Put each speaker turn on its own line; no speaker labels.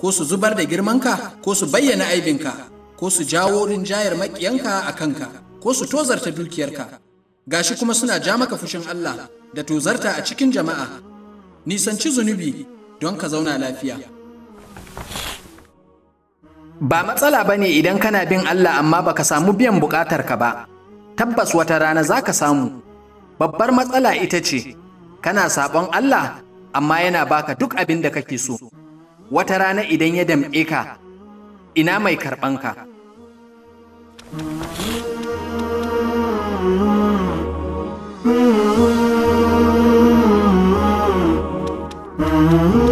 ko su zubar da girmanka ko su bayyana aibinka ko su jawo rinjayar maƙiyanka a kanka ko su tozarta dukiyarka gashi kuma suna ja maka fushin Allah da tozarta a cikin jama'a nisanci zunubi don ka zauna lafiya ba matsala ba ne idan kana bin Allah amma baka samu biyan bukatar ka ba tabbas wata rana zaka samu babbar matsala ita ce kana sabon Allah amma yana baka duk abin da kake so wata rana idan ya damƙe ka ina mai karɓanka Mm-hmm.